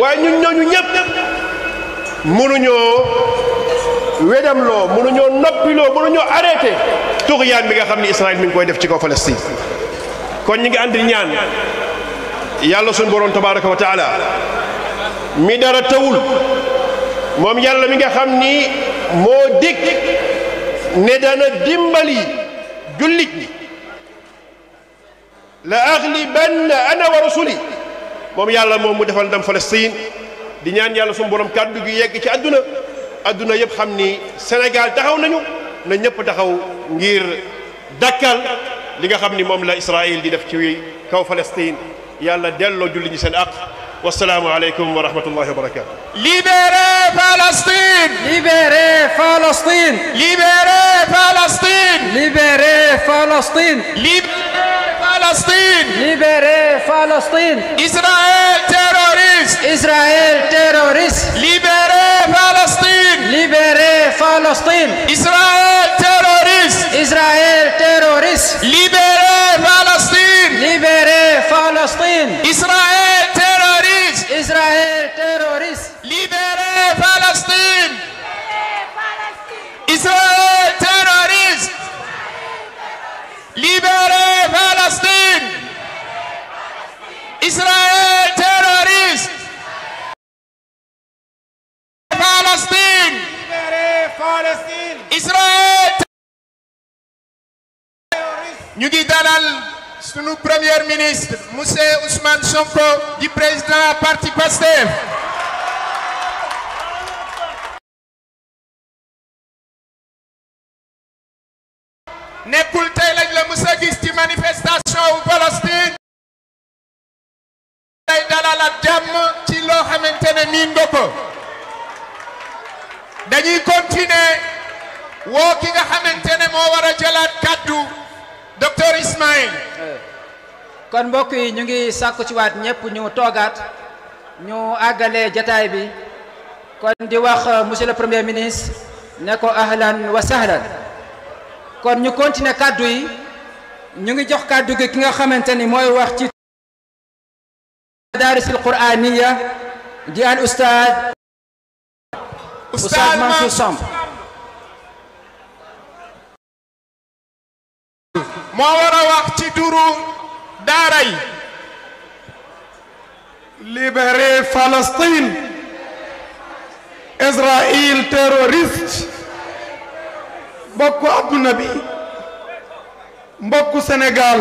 waaye ñun ñooñu ñëpp mënuñoo wedamloo mënuñoo noppiloo mënuñoo arrêté tuxyaan bi nga xam ni Israël mi ngi koy def ci kaw si kon ñi ngi ànd ñaan yàlla suñ borom tabaraka wa taala mi dara tawul moom yàlla mi nga xam ni moo dégg ne dana dimbali jullit ñi la aglibanna ana wa rasuli moom yàlla moom mu defal ndam Palestine di ñaan yàlla suñu borom kàddu gi yegg ci àdduna àdduna yëpp xam ni senegal taxaw nañu na ñëpp taxaw ngir dakkal li nga xam ni moom la Israël di def ci kaw Palestine yàlla delloo julli ñi seen àq wasalaamu aleykum wa rahmatullahi wa barakatu libérez Palestine Palestine. Libérer Palestine. Israël terroriste. Israël terroriste. Libérer Palestine. Libérer Palestine. Israël terroriste. Israël terroriste. Libérer Palestine. Libérer Palestine. Israël terroriste. Israël terroriste. Libérer Palestine. Israël terroriste. Libérer Israel terroriste. Palestine. Libérez Palestine. Israël ñu ngi dalal premier ministre monsieur Ousmane Sonko di président parti PASTEF. nekkul tey lañ la musa gis ci manifestation wu Palestine. lay dalal ak jàmm ci loo xamante ne miin nga ko dañuy continuer woo ki nga xamante ne moo war a jëlaat kàddu docteur Ismaïl. kon mbokk yi ñu ngi sàkku ci waat ñëpp ñu toogaat ñu àggalee jataay bi kon di wax euh, monsieur le premier ministre ne ko ahlan wa sahlan kon ñu continuer kàddu yi ñu ngi jox kàddu gi ki nga xamante mooy wax ci المدارس القرآنية دي الأستاذ أستاذ منصور صمب moo war a wax ci turu daara yi libérer Palestine Israël terroriste mbokku adduna bi mbokku Sénégal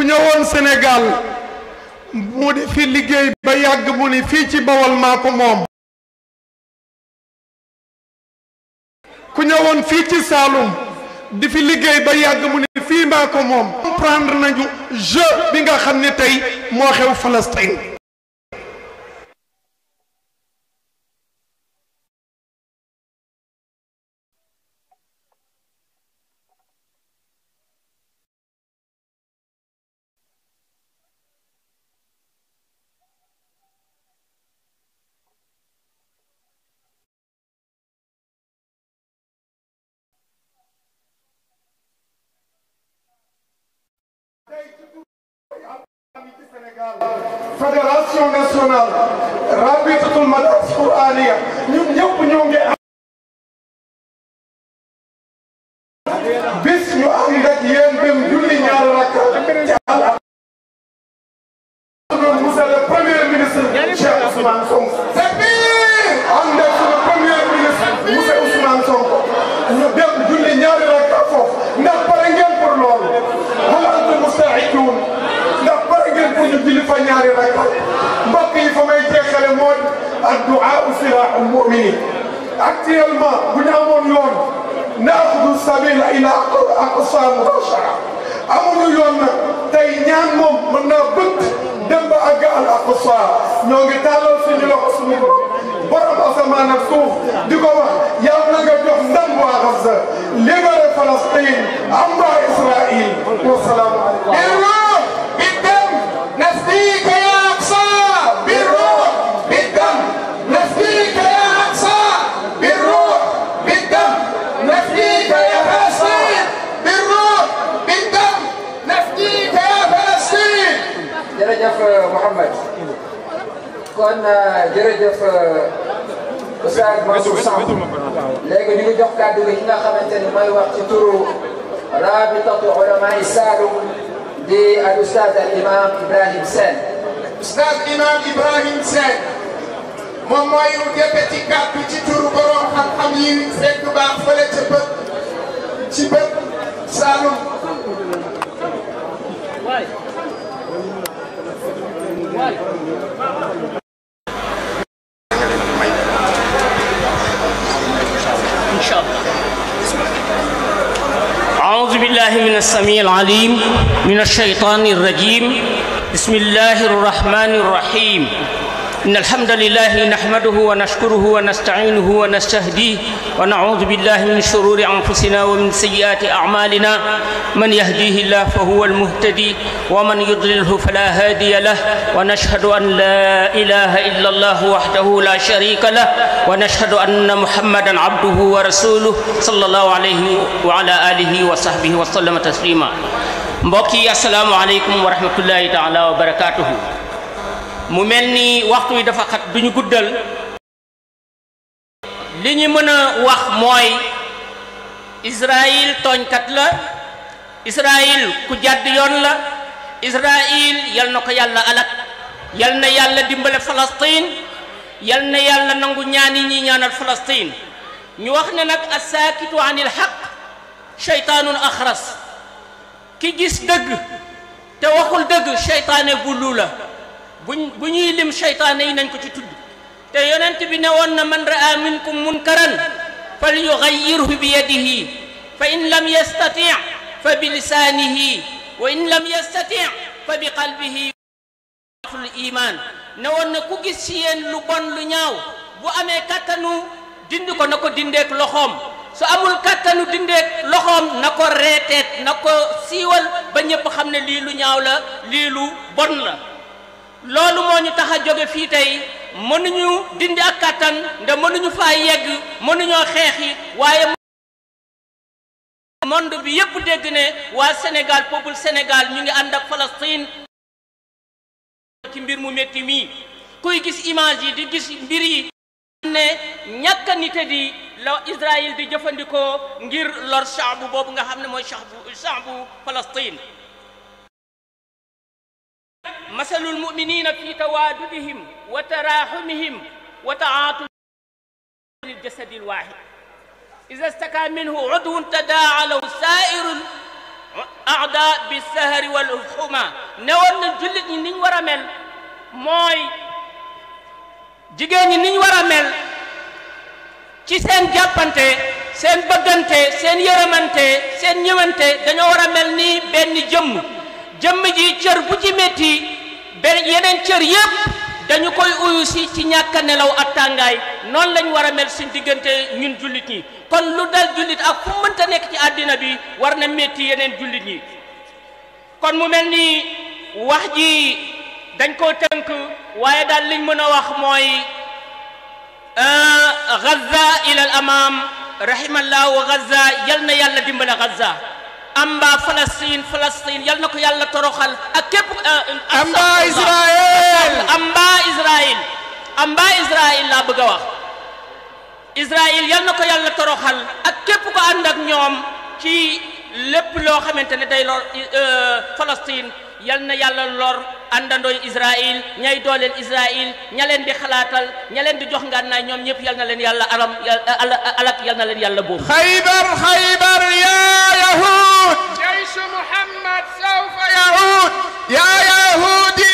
ku ñëwoon Sénégal mu di fi liggéey ba yàgg mu ni fii ci Bawol maa ko moom ku ñëwoon fii ci Saalum di fi liggéey ba yàgg mu ni fii maa ko moom comprendre nañu jeu bi nga xam ni tey moo xew Palestine fédération nationale rabitatul madrasa qur'aniya ñun ñëpp ñoo ngi ñaari rakka mbokk yi fa may jeexale mooy adduaa silaaxu muminin actuellement bu ñu amoon yoon naaxudu sabila ila aqsa mubashara amuñu yoon nag tey ñaan moom mën naa bëgg dem ba àgg al aqsa ñoo ngi tàllal suñu loxo kon euh, jërëjëf euh, Oustaz Mansour Samb ñu ngi ki xamante ni mooy wax turu rabitatu ulamaay turu ci bët Saalum. السميع العليم من الشيطان الرجيم بسم الله الرحمن الرحيم إن الحمد لله نحمده ونشكره ونستعينه ونستهديه ونعوذ بالله من شرور أنفسنا ومن سيئات أعمالنا من يهديه الله فهو المهتدي ومن يضلله فلا هادي له ونشهد أن لا إله إلا الله وحده لا شريك له ونشهد أن محمدا عبده ورسوله صلى الله عليه وعلى آله وصحبه وسلم تسليما mbokk yi asalaamaaleykum wa rahmatullahi taala wa barakaatuhu mu mel ni waxtu wi dafa xat ñu guddal li ñu mën a wax mooy Israël tooñkat la Israël ku jàdd yoon la Israël yal na ko yàlla alak yal na yàlla dimbale Palestine yal na yàlla nangu ñaan yi ñuy ñaanal Palestine ñu wax ne nag asaakitu anil xaq seytaanun axras ki gis dëgg te waxul dëgg seytaane bullu la buñ bu ñuy lim seytaane yi nañ ko ci tudd te yonent bi ne woon na man raa minkum munkaran fal yugayyirhu bi yadihi fa in lam yastati fa bi lisaanihi wa in lam yastati fa bi qalbihi al iman ne woon na ku gis ci yéen lu bon lu ñaaw bu amee kattanu dindi ko na ko dindeek loxoom su amul kattanu dindeek loxoom na ko reeteet na ko siiwal ba ñëpp xam ne lii lu ñaaw la lii lu bon la loolu moo ñu tax a jóge fii tey mënuñu dindi ak kàttan nde mënuñu faa yegg mënuñoo xeexi waaye monde bi yépp dégg ne waa Sénégal peuple Sénégal ñu ngi ànd ak Palestine ci mbir mu metti mii kuy gis image yi di gis mbir yi ne ñàkk nite di la Israël di jëfandikoo ngir lor shaabu boobu nga xam ne mooy shaabu shaabu Palestine masalul muminina fi tawaadudihim wa taraxumihim wa taatuli ljasadi lwaxid ida staka minhu udwun tadaa lahu sairu aada bisahari walxuma newoon na jullit ñi niñ war a mel mooy jigéen ñi niñ war a mel ci seen jàppante seen bëggante seen yërëmante seen ñëwante dañoo war a mel ni benn jëmm jëmm ji cër bu ci métti benn yeneen cër yépp dañu koy uyu si ci ñàkk nelaw ak tàngaay noonu lañ war a mel suñ diggante ñun jullit ñi kon lu dal jullit ak fu mënta nekk ci àddina bi war na métti yeneen jullit ñi kon mu mel ni wax ji dañ koo tënk waaye daal liñ mën a wax mooy euh, Gaza ila al amam rahimallah wa Gaza yal na yàlla dimbale Gaza amba Palestine Palestine yal na ko yàlla toroxal ak képp. Euh, euh, amba Israël amba Israël amba Israël a na ko yàlla toroxal ak képp ko ànd ak ñoom ci lépp loo xamante ne day lor yal euh, na yàlla lor àndandooy Israël ñay dooleel Israël ña leen di xalaatal ña leen di jox ngànnaay ñoom ñëpp yal na leen yàlla aram alak yal na leen yàlla boobu. جيش محمد سوف يعود يا يهودي